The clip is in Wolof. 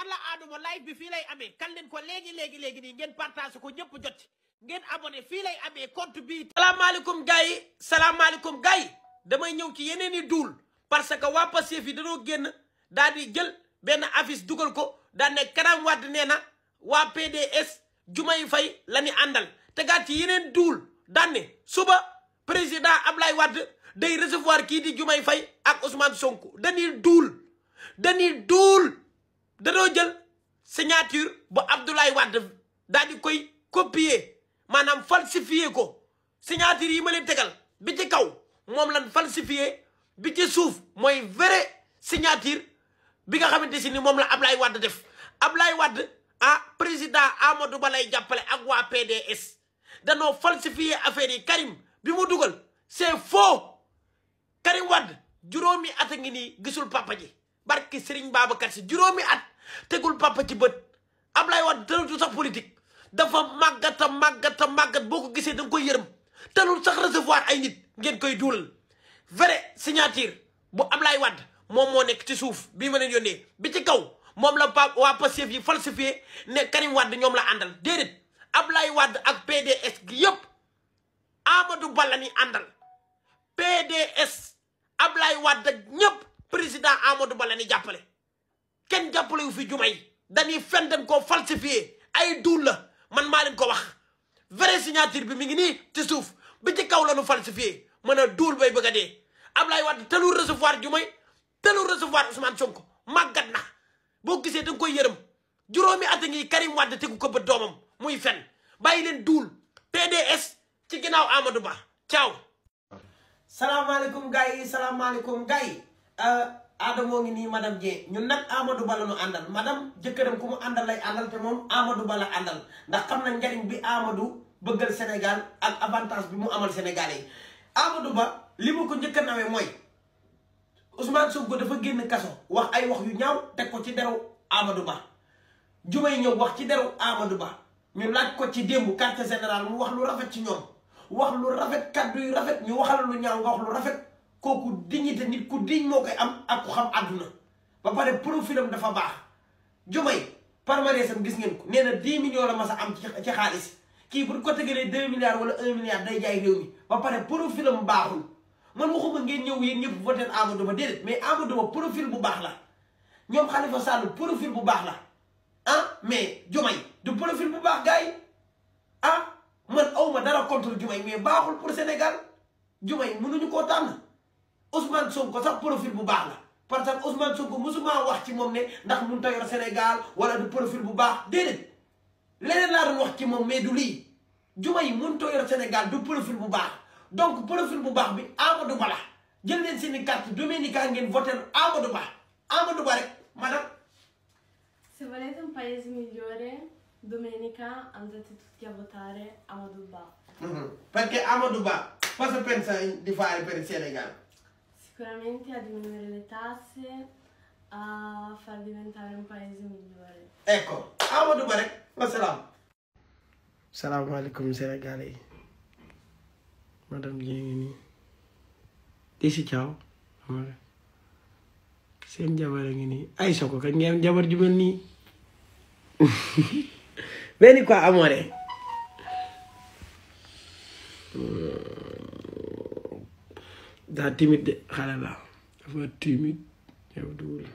alla aaduma live bi fii lay amee kan leen ko léegi léegi léegi nii ngeen partage ko ñëpp jot ngeen abonné fii lay amee compte bi salaamaaleykum gars yi salaamaaleykum gars damay ñëw ci yeneen i duul parce que waa Pastef yi dañoo génn daal di jël benn affiche dugal ko daan ne Karim Wade nee na waa PDS jumay fay la ñu àndal tegaat ci yeneen duul daan suba président ab Ablaye Wade day recevoir kii di jumay fay ak Ousmane Sonko dañuy duul dañuy duul danoo jël signature bu Abdoulaye Wade daal di koy copier maanaam falsifier ko signature yi ma tegal bi ci kaw moom lan falsifier bi ci suuf mooy vrai signature bi nga xamante si ni moom la Abdoulaye Wade def Abdoulaye Wade ah président Amadou Ba lay jàppale ak waa PDS danoo falsifier affaire yi Karim bi mu dugal c'est foo Karim Wade juróomi at a ngi nii gisul papa barke Serigne Babacar si juróomi at tegul papa ci bët Ablaye Wade dalatu sax politique dafa màggata màggata màggat boo ko gisee da koy yërëm talul sax recevoir ay nit ngeen koy duulal vrai signature bu Ablaye Wade moom moo nekk ci suuf bii ma bi ci kaw moom la pa waa Pastef yi falsifié ñoom la àndal déedéet Ablaye Wade ak PDS gi yépp Amadou Ba la ñuy àndal PDS Ablaye Wade ñëpp président Amadou Ba la ni jàppale kenn jàppale wu fi jumay dañuy fen dañ koo falsifié ay duul la man maa leen ko wax vrai signature bi mi ngi nii ci suuf bi ci kaw la nu falsifié mën a duul bay bëgg a dee Ablaye Wade telul recevoir jumay telul recevoir Ousmane Sonko màggat na boo gisee da koy yërëm juróomi at a ngi Karim Wade tegu ko ba doomam muy fen bàyyi leen duul PDS ci ginnaaw Amadou Ba ciao. salaamaaleykum gars yi salaamaaleykum gars yi Euh, Adamo ngi nii madame Dieng ñun nag amadu Ba la ñu àndal madame jëkkëram ku mu àndal lay àndal te moom Amadou Ba la àndal ndax xam na njariñ bi Amadou bëggal Sénégal ak avantage bi mu amal Sénégalais yi Amadou Ba li mu ko njëkk a nawee mooy Ousmane Sonko dafa génn kaso wax ay wax yu ñaaw teg ko ci deru Amadou Ba jumay ñëw wax ci deru Amadou Ba ñu laaj ko ci démb quartier général mu wax lu rafet ci ñoom wax lu rafet kaddu yu rafet ñu waxal lu ñaaw nga wax lu rafet. kooku dignité nit ku diñ moo koy am ak ku xam àdduna ba pare profilam dafa baax Diomaye palmarès am gis ngeen ko nee na 10 millions la ma a am ci xaalis kii bu ko tegalee 2 milliards wala 1 milliard day jaay réew mi ba pare profilam baaxul man waxuma ngeen ñëw yéen ñëpp voté Amadou Ba de mais Amadou Ba profil bu baax la ñoom Khalifa Sall profil bu baax la ah mais Diomaye du profil bu baax gars yi ah man awma dara contre Diomaye mais baaxul pour Sénégal Diomaye mënuñu koo tànn Ousmane Sonko sax profil bu baax la parce que Ousmane Sonko musuma wax ci moom ne ndax mun ta yor Sénégal wala du profil bu baax déedéet leneen laa doon wax ci moom mais du lii juma yi mun ta yor Sénégal du profil bu baax donc profil bu baax bi Amadou Ba la jël leen seeni carte Dominica ngeen voter Amadou Ba Amadou Ba rek maanaam. Se volete un paese migliore, domenica andate Ba. Mhm. Perché Amadou Ba cosa pensa di fare per il Sicuramente a diminuire le tasse, a far diventare un paese migliore. Ecco, Amadou Ba rek wasalaam. salaamaaleykum Sénégalais yi madame Dieng ngi nii di si caaw ngi nii ay soko kañ ngeen jabar ju mel nii benn quoi daa timide de xale la dafa timide yow duwul